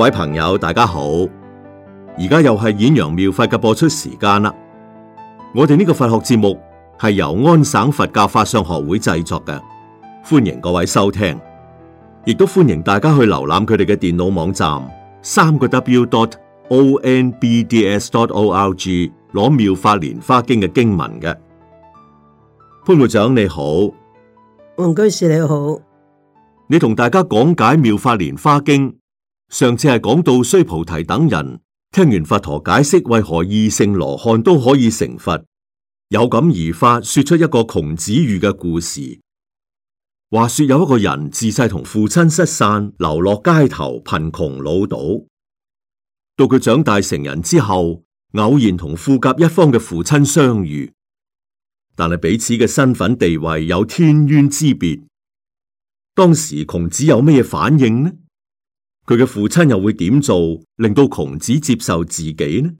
各位朋友，大家好！而家又係演揚妙法嘅播出時間啦。我哋呢個佛學節目係由安省佛教法相學會製作嘅，歡迎各位收聽，亦都歡迎大家去瀏覽佢哋嘅電腦網站，三個 W dot O N B D S dot O R G 攞妙法蓮花經嘅經文嘅。潘會長你好，黃居士你好，你同大家講解妙法蓮花經。上次係講到須菩提等人聽完佛陀解釋為何異姓羅漢都可以成佛，有感而發，說出一個窮子喻嘅故事。話說有一個人自細同父親失散，流落街頭，貧窮潦倒。到佢長大成人之後，偶然同富甲一方嘅父親相遇，但係彼此嘅身份地位有天淵之別。當時窮子有咩反應呢？佢嘅父親又會點做，令到窮子接受自己呢？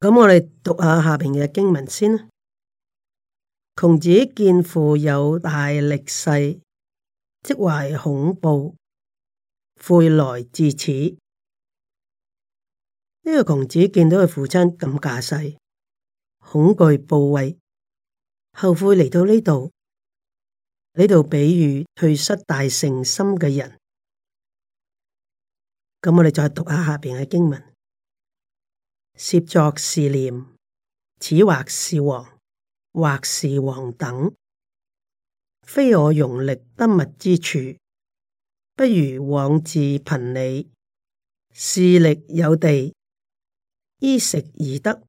咁我哋讀下下邊嘅經文先。窮子見父有大力勢，即懷恐怖，悔來至此。呢、這個窮子見到佢父親咁架勢，恐懼怖畏，後悔嚟到呢度。呢度比喻退失大乘心嘅人。咁我哋再讀下下邊嘅經文：涉作是念，此或是王，或是王等，非我傭力得物之處，不如往自貧里。肆力有地，衣食而得，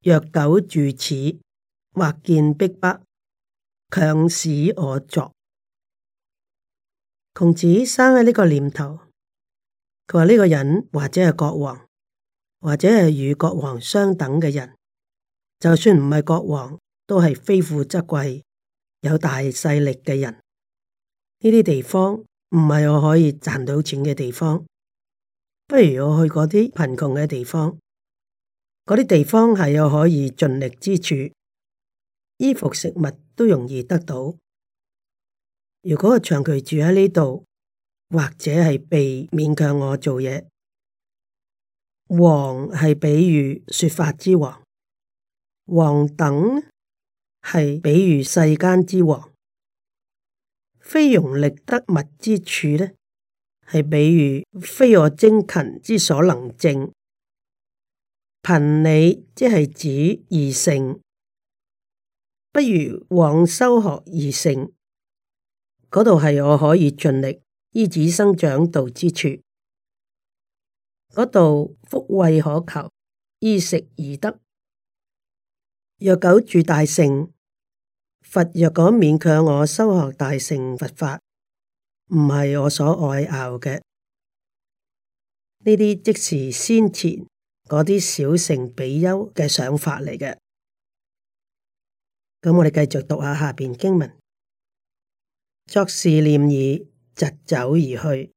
若久住此，或見逼迫，強使我作，窮子生喺呢個念頭。佢話呢個人或者係國王，或者係與國王相等嘅人，就算唔係國王，都係非富則貴，有大勢力嘅人。呢啲地方唔係我可以賺到錢嘅地方，不如我去嗰啲貧窮嘅地方。嗰啲地方係有可以盡力之處，衣服食物都容易得到。如果我長期住喺呢度，或者係被勉強我做嘢。王係比喻說法之王，王等係比喻世間之王，非容力得物之處呢係比喻非我精勤之所能證。憑你即係指而成，不如往修學而成，嗰度係我可以盡力。依止生長道之處，嗰度福慧可求，衣食而得。若久住大乘，佛若講勉強我修學大乘佛法，唔係我所愛拗嘅。呢啲即是先前嗰啲小乘比丘嘅想法嚟嘅。咁我哋繼續讀下下邊經文，作是念耳。疾走而去。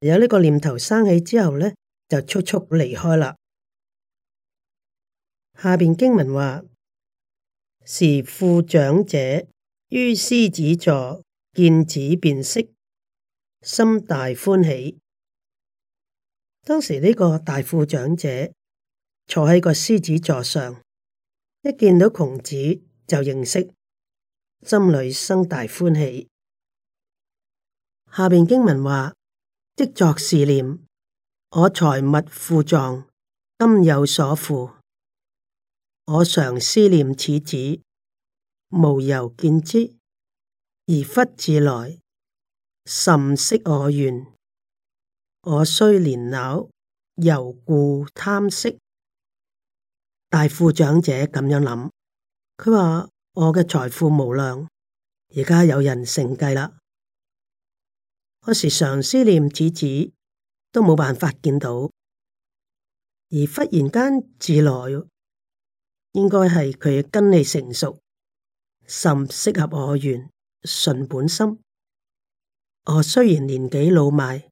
有呢個念頭生起之後呢，就速速離開啦。下邊經文話：是富長者於獅子座見子便識，心大歡喜。當時呢個大富長者坐喺個獅子座上，一見到窮子，就認識，心裏生大歡喜。下面經文話：即作是念，我財物庫藏，今有所付，我常思念此子，無由見之，而忽自來，甚適我願。我雖年老，猶故貪惜。大富長者咁樣諗，佢話我嘅財富無量，而家有人承繼啦。我時常思念子子，都冇辦法見到，而忽然間自來，應該係佢嘅根機成熟，甚適合我緣，順本心。我、哦、雖然年紀老邁，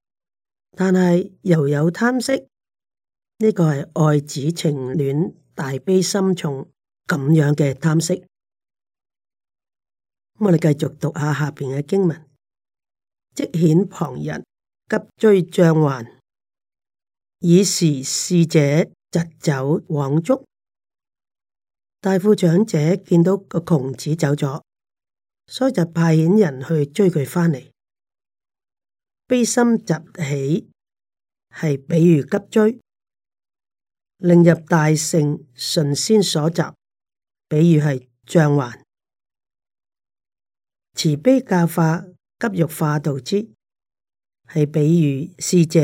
但係又有貪色，呢、這個係愛子情戀，大悲心重咁樣嘅貪色。我哋繼續讀下下邊嘅經文。即遣旁人急追將還，以時侍者疾走往足。大富長者見到個窮子走咗，所以就派遣人去追佢返嚟，悲心疾起，係比如急追，令入大聖神仙所集，比如係將還，慈悲教化。急欲化道之，係比如使者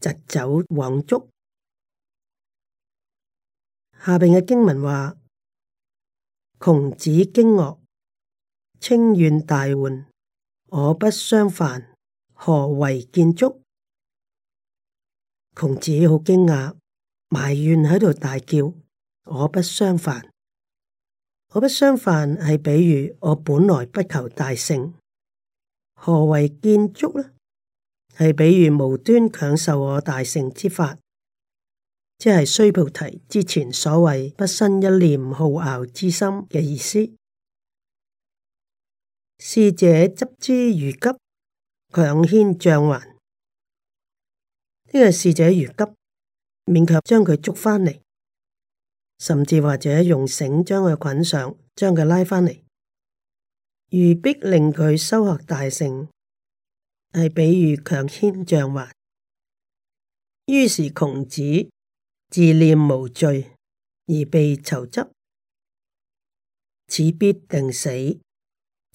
疾走往足。下邊嘅經文話：窮子驚愕，清怨大喚，我不相犯，何為建足？窮子好驚訝，埋怨喺度大叫：我不相犯，我不相犯係比如我本來不求大勝。何為見捉呢？係比喻無端強受我大乘之法，即係須菩提之前所謂不生一念好驕之心嘅意思。侍者執之如急，強牽將還。呢、這個侍者如急，勉強將佢捉翻嚟，甚至或者用繩將佢捆上，將佢拉返嚟。如逼令佢修學大乘，係比喻強牽將還。於是窮子自念無罪而被囚執，此必定死，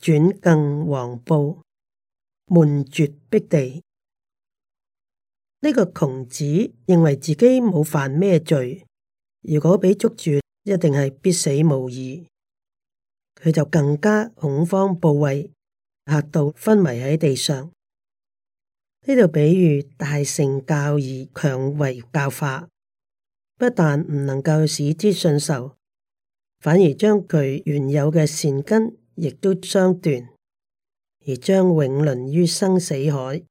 轉更惶怖，悶絕躄地。呢、這個窮子認為自己冇犯咩罪，如果畀捉住，一定係必死無疑。佢就更加恐慌暴位、怖畏、嚇到昏迷喺地上。呢度比喻大乘教義強為教化，不但唔能夠使之信受，反而將佢原有嘅善根亦都相斷，而將永淪於生死海。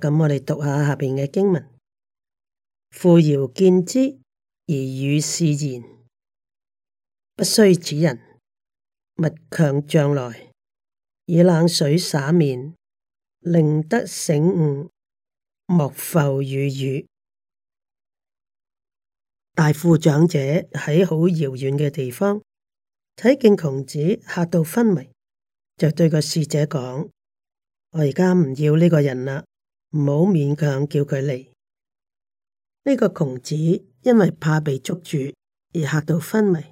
咁我哋讀下下邊嘅經文：父遙見之而語使言。不須此人，勿強將來，以冷水灑面，令得醒悟。莫復與語。大富長者喺好遙遠嘅地方睇見窮子嚇到昏迷，就對個侍者講：我而家唔要呢個人啦，唔好勉強叫佢嚟。呢、這個窮子因為怕被捉住而嚇到昏迷。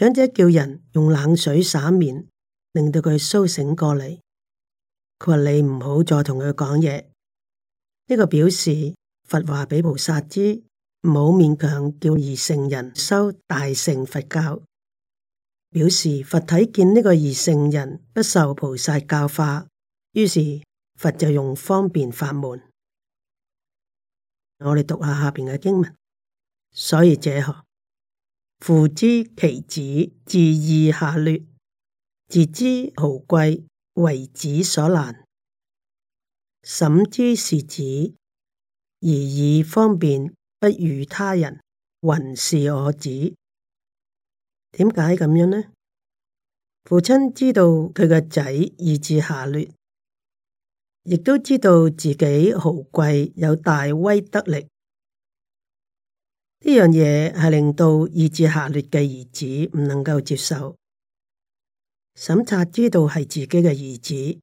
長者叫人用冷水灑面，令到佢蘇醒過嚟。佢話：你唔好再同佢講嘢。呢個表示佛話畀菩薩知，唔好勉強叫二乘人修大乘佛教。表示佛睇見呢個二乘人不受菩薩教化，於是佛就用方便法門。我哋讀下下邊嘅經文。所以這呵。父知其子志意下劣，自知豪貴為子所難，審知是子而以方便，不語他人云是我子。點解咁樣呢？父親知道佢個仔意志下劣，亦都知道自己豪貴有大威德力。呢樣嘢係令到意志下劣嘅兒子唔能夠接受。審察知道係自己嘅兒子，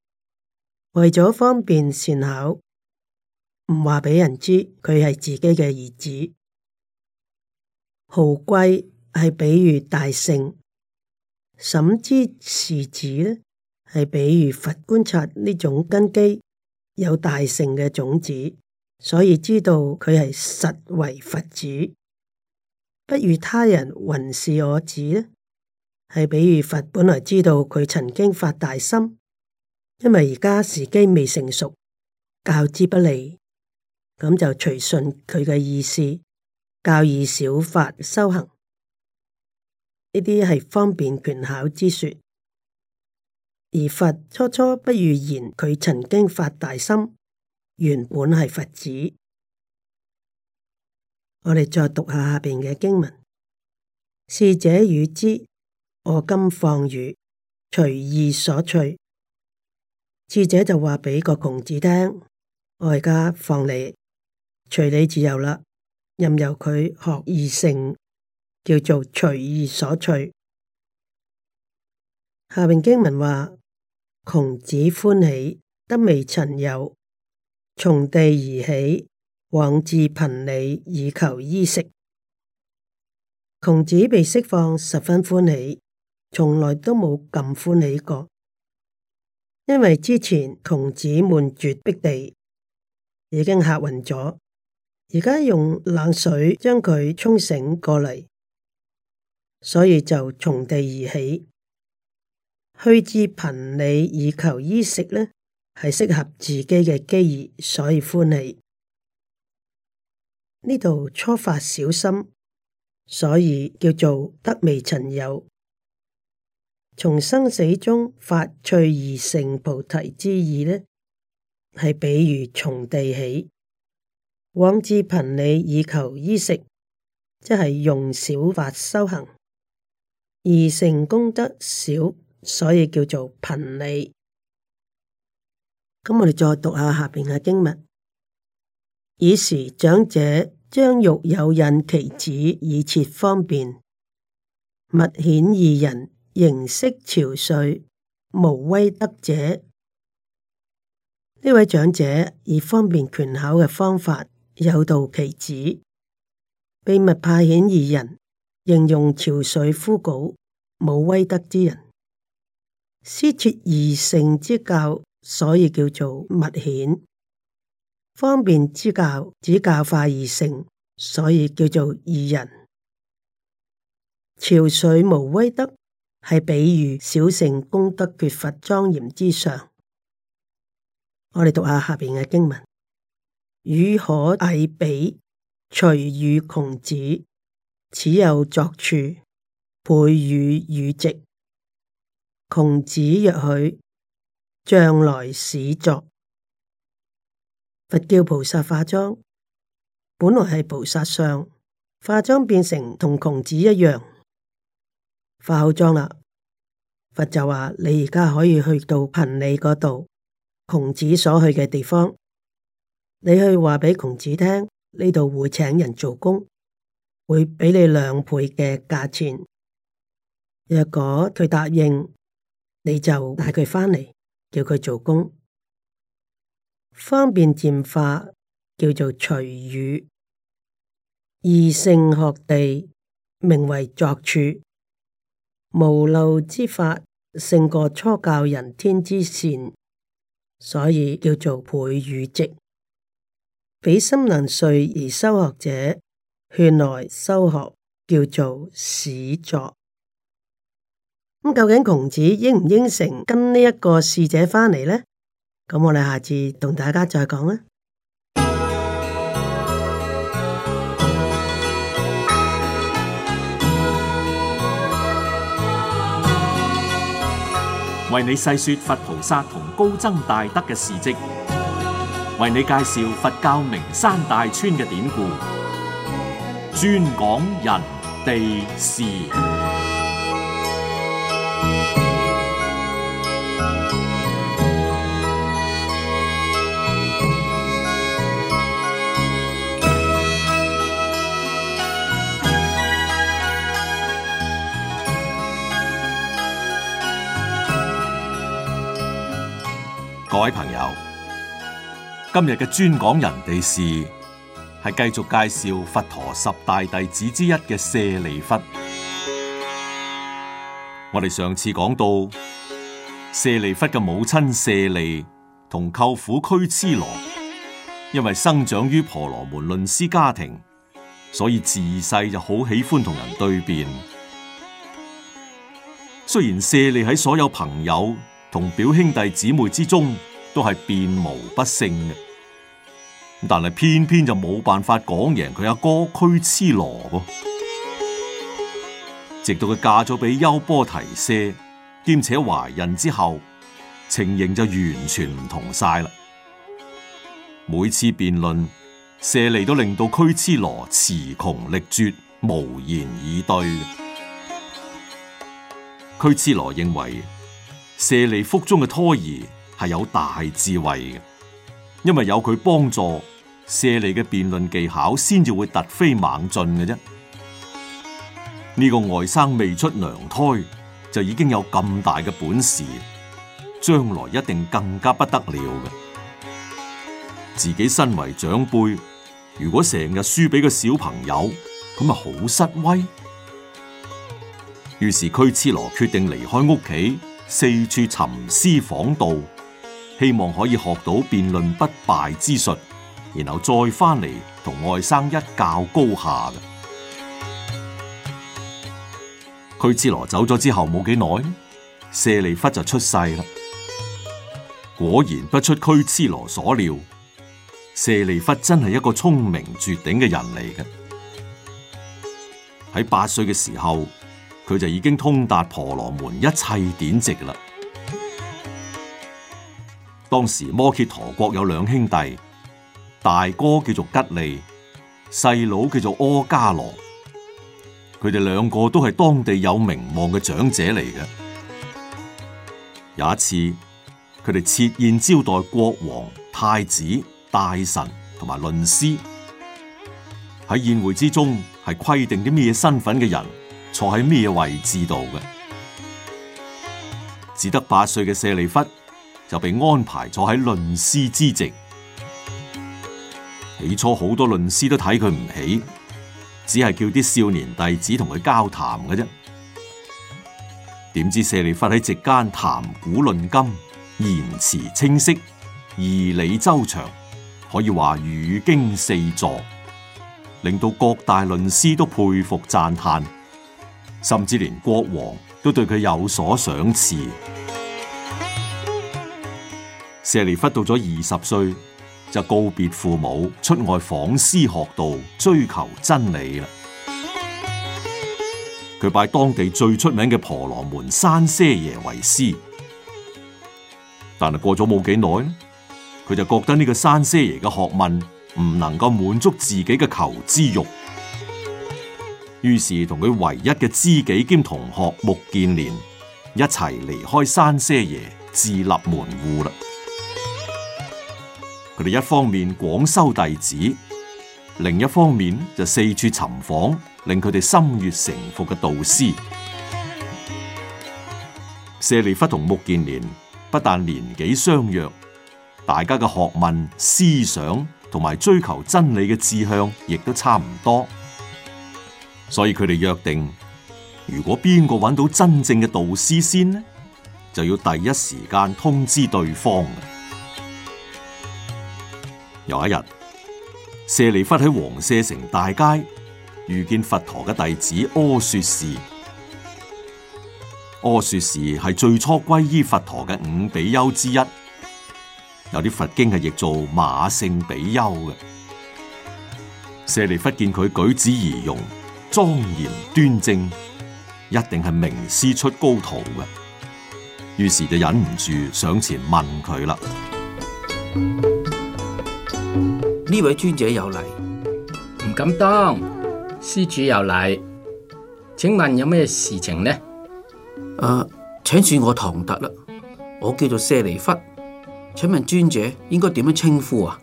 為咗方便善巧，唔話畀人知佢係自己嘅兒子。豪貴係比喻大聖，審知是子呢係比喻佛觀察呢種根基有大乘嘅種子，所以知道佢係實為佛子。不如他人云是我子咧，係比如佛本來知道佢曾經發大心，因為而家時機未成熟，教之不利，咁就隨順佢嘅意思，教以小法修行。呢啲係方便權巧之說，而佛初初不如言佢曾經發大心，原本係佛子。t reat objects t reat Message 我哋再讀下下邊嘅經文。使者語之，我今放汝隨意所趣。」使者就話畀個窮子聽，我而家放你，隨你自由啦，任由佢學而成，叫做隨意所趣。」下邊經文話，窮子歡喜，得未曾有，從地而起。往至貧里以求衣食，窮子被釋放十分歡喜，從來都冇咁歡喜過。因為之前窮子悶絕躄地，已經嚇暈咗，而家用冷水將佢沖醒過嚟，所以就從地而起，去至貧里以求衣食呢，係適合自己嘅機遇，所以歡喜。呢度初發小心，所以叫做得未曾有。從生死中發趣而成菩提之意呢，係比如從地起，往至貧里以求衣食，即係用小法修行，而成功德小，所以叫做貧里。咁我哋再讀下下邊嘅經文。以時長者將欲誘引其子，以設方便，密遣二人，形色憔悴，無威德者。呢位長者以方便權巧嘅方法誘導其子，秘密派遣二人，形容憔悴枯槁無威德之人，施設二乘之教，所以叫做密遣。方便之教，只教化二乘，所以叫做二人。潮水無威德，係比喻小乘功德缺乏莊嚴之相。我哋讀下下邊嘅經文：汝可詣彼，徐語窮子，此有作處，倍與汝直。」窮子若許，將來使作。佛叫菩薩化妝，本來係菩薩相，化妝變成同窮子一樣，化好妝啦。佛就話：你而家可以去到貧里嗰度，窮子所去嘅地方，你去話畀窮子聽，呢度會請人做工，會畀你兩倍嘅價錢。若果佢答應，你就帶佢返嚟，叫佢做工。方便漸法叫做隨語，易勝學地名為作處，無漏之法勝過初教人天之善，所以叫做倍語直。俾心能遂而修學者勸來修學，叫做使作。咁、嗯、究竟孔子應唔應承跟呢一個侍者翻嚟呢？咁我哋下次同大家再講啦。為你細說佛菩薩同高僧大德嘅事跡，為你介紹佛教名山大川嘅典故，專講人、地、事。各位朋友，今日嘅專講人哋事係繼續介紹佛陀十大弟子之一嘅舍利弗。我哋上次講到，舍利弗嘅母親舍利同舅父拘痴羅，因為生長於婆羅門論師家庭，所以自細就好喜歡同人對辯。雖然舍利喺所有朋友。同表兄弟姊妹之中都係辯無不勝嘅，但係偏偏就冇辦法講贏佢阿哥俱絺羅喎。直到佢嫁咗俾優波提舍，兼且懷孕之後，情形就完全唔同晒啦。每次辯論，舍利都令到俱絺羅詞窮力絕，無言以對。俱絺羅認為。舍利腹中嘅胎兒係有大智慧嘅，因為有佢幫助，舍利嘅辯論技巧先至會突飛猛進嘅啫。呢個外甥未出娘胎就已經有咁大嘅本事，將來一定更加不得了嘅。自己身為長輩，如果成日輸俾個小朋友，咁啊好失威。於是俱絺羅決定離開屋企。四處尋師訪道，希望可以學到辯論不敗之術，然後再翻嚟同外甥一較高下嘅。拘支羅走咗之後冇幾耐，舍利弗就出世啦。果然不出拘支羅所料，舍利弗真係一個聰明絕頂嘅人嚟嘅。喺八歲嘅時候。佢就已經通達婆羅門一切典籍啦。當時摩羯陀國有兩兄弟，大哥叫做吉利，細佬叫做柯加羅。佢哋兩個都係當地有名望嘅長者嚟嘅。有一次，佢哋設宴招待國王、太子、大臣同埋論師。喺宴會之中，係規定啲咩身份嘅人？坐喺咩位置度嘅？只得八歲嘅舍利弗就被安排坐喺論師之席。起初好多論師都睇佢唔起，只係叫啲少年弟子同佢交談嘅啫。點知舍利弗喺席間談古論今，言辭清晰，義理周詳，可以話語驚四座，令到各大論師都佩服讚嘆。甚至連國王都對佢有所賞賜。舍利弗到咗二十歲，就告別父母，出外訪師學道，追求真理啦。佢拜當地最出名嘅婆羅門山些爺為師，但係過咗冇幾耐，佢就覺得呢個山些爺嘅學問唔能夠滿足自己嘅求知慾。於是同佢唯一嘅知己兼同學目犍連一齊離開刪闍耶，自立門戶啦。佢哋一方面廣收弟子，另一方面就四處尋訪，令佢哋心悅誠服嘅導師。舍利弗同目犍連不但年紀相若，大家嘅學問、思想同埋追求真理嘅志向，亦都差唔多。所以佢哋約定，如果邊個揾到真正嘅導師先呢，就要第一時間通知對方。有一日，舍利弗喺王舍城大街遇見佛陀嘅弟子阿說示。阿說示係最初皈依佛陀嘅五比丘之一，有啲佛經係譯做馬勝比丘嘅。舍利弗見佢舉止儀容。莊嚴端正，一定係名師出高徒嘅。於是就忍唔住上前問佢啦。呢位尊者有禮，唔敢當。施主有禮，請問有咩事情呢？誒、啊，請恕我唐突啦，我叫做舍利弗，請問尊者應該點樣稱呼啊？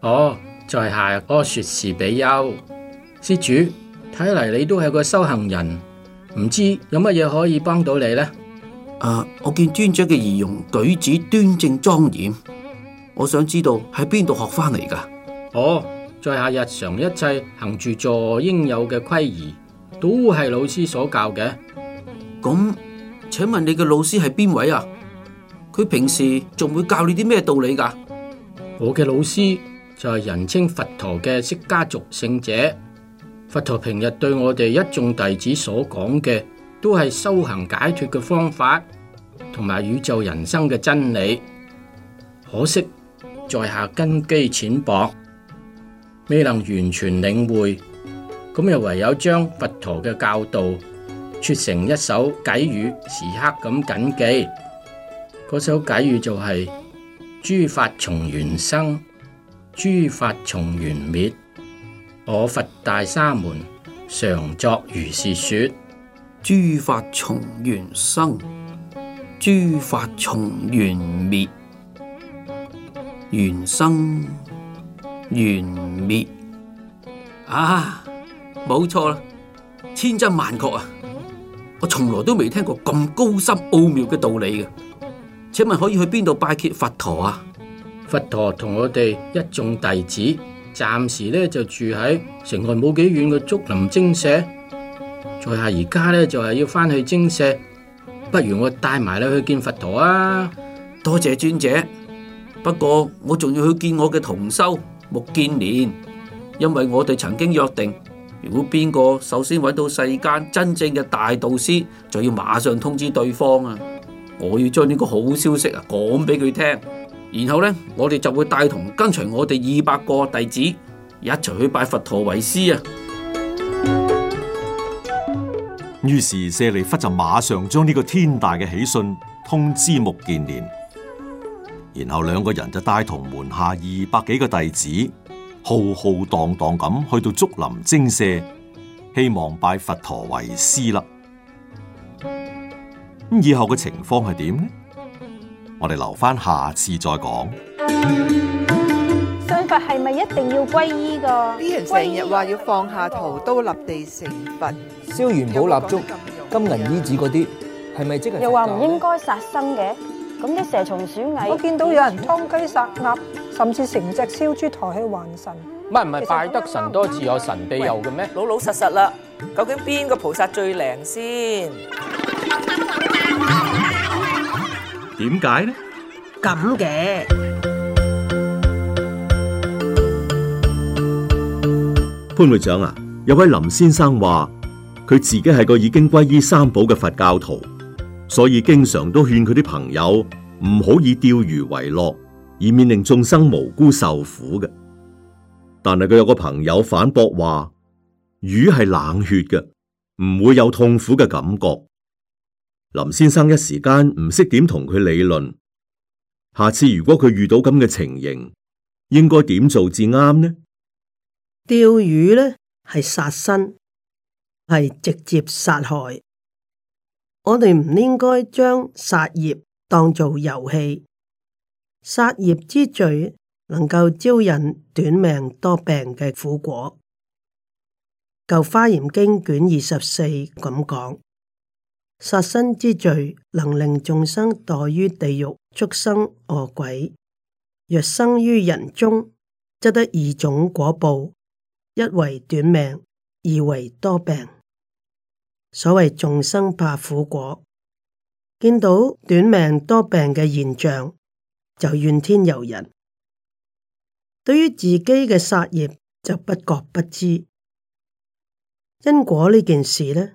哦，在下阿說示比丘，施主。睇嚟你都係個修行人，唔知有乜嘢可以幫到你呢？誒、啊，我見尊長嘅儀容舉止端正莊嚴，我想知道喺邊度學翻嚟噶？哦，在下日常一切行住坐應有嘅規儀，都係老師所教嘅。咁、嗯，請問你嘅老師係邊位啊？佢平時仲會教你啲咩道理噶？我嘅老師就係人稱佛陀嘅釋迦族聖者。佛陀平日對我哋一眾弟子所講嘅，都係修行解脱嘅方法，同埋宇宙人生嘅真理。可惜在下根基淺薄，未能完全領會，咁又唯有將佛陀嘅教導撮成一首偈語，時刻咁謹記。嗰首偈語就係：諸法從緣生，諸法從緣滅。我佛大沙門常作如是說：諸法從緣生，諸法從緣滅，緣生緣滅啊！冇錯啦，千真萬確啊！我從來都未聽過咁高深奧妙嘅道理嘅。請問可以去邊度拜謁佛陀啊？佛陀同我哋一眾弟子。暫時咧就住喺城外冇幾遠嘅竹林精舍，再在下而家咧就係要返去精舍，不如我帶埋你去見佛陀啊！多謝尊者，不過我仲要去見我嘅同修目犍連，因為我哋曾經約定，如果邊個首先揾到世間真正嘅大導師，就要馬上通知對方啊！我要將呢個好消息啊講俾佢聽。然後呢，我哋就會帶同跟隨我哋二百個弟子一齊去拜佛陀為師啊！於是舍利弗就馬上將呢個天大嘅喜訊通知目犍連，然後兩個人就帶同門下二百幾個弟子浩浩蕩蕩咁去到竹林精舍，希望拜佛陀為師啦。咁以後嘅情況係點呢？我哋留翻下次再講。信佛係咪一定要皈依噶？啲人成日話要放下屠刀立地成佛，燒元寶蠟燭、金銀衣紙嗰啲，係咪即係？又話唔應該殺生嘅，咁啲蛇蟲鼠蟻，我見到有人殺雞殺鴨，甚至成隻燒豬抬去還神。唔係唔係，拜得神多自有神庇佑嘅咩？老老實實啦，究竟邊個菩薩最靈先？點解呢？咁嘅潘會長啊，有位林先生話佢自己係個已經歸依三寶嘅佛教徒，所以經常都勸佢啲朋友唔好以釣魚為樂，以免令眾生無辜受苦嘅。但係佢有個朋友反駁話，魚係冷血嘅，唔會有痛苦嘅感覺。林先生一時間唔識點同佢理論，下次如果佢遇到咁嘅情形，應該點做至啱呢？釣魚咧係殺生，係直接殺害。我哋唔應該將殺業當做遊戲，殺業之罪能夠招引短命多病嘅苦果。舊華嚴經卷二十四咁講。殺生之罪，能令眾生墮於地獄、畜生、餓鬼。若生於人中，則得二種果報：一為短命，二為多病。所謂眾生怕苦果，見到短命多病嘅現象，就怨天尤人。對於自己嘅殺業，就不覺不知因果呢件事呢。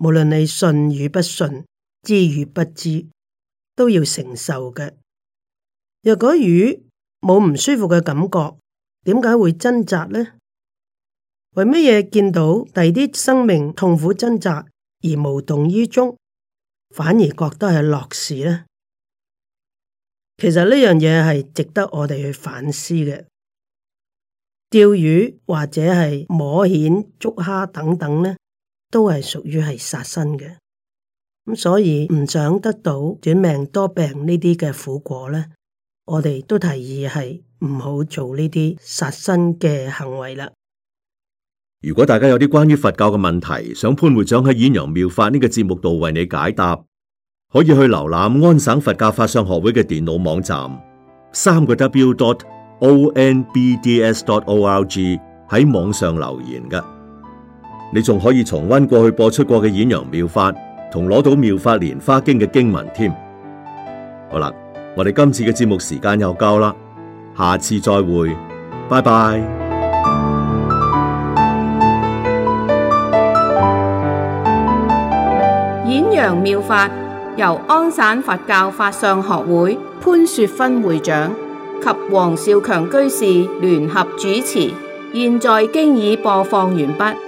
無論你信與不信，知與不知，都要承受嘅。若果魚冇唔舒服嘅感覺，點解會掙扎呢？為乜嘢見到第啲生命痛苦掙扎而無動於衷，反而覺得係樂事呢？其實呢樣嘢係值得我哋去反思嘅。釣魚或者係摸蜆、捉蝦等等呢，都係屬於係殺生嘅，咁、嗯、所以唔想得到短命多病呢啲嘅苦果咧，我哋都提議係唔好做呢啲殺生嘅行為啦。如果大家有啲關於佛教嘅問題，想潘會長喺《演容妙法》呢、這個節目度為你解答，可以去瀏覽安省佛教法相學會嘅電腦網站，三個 W dot O N B D S dot O R G 喺網上留言嘅。你仲可以重溫過去播出過嘅演揚妙法，同攞到妙法蓮花經嘅經文添。好啦，我哋今次嘅節目時間又夠啦，下次再會，拜拜。演揚妙法由安省佛教法相學會潘雪芬會長及黃少強居士聯合主持，現在經已播放完畢。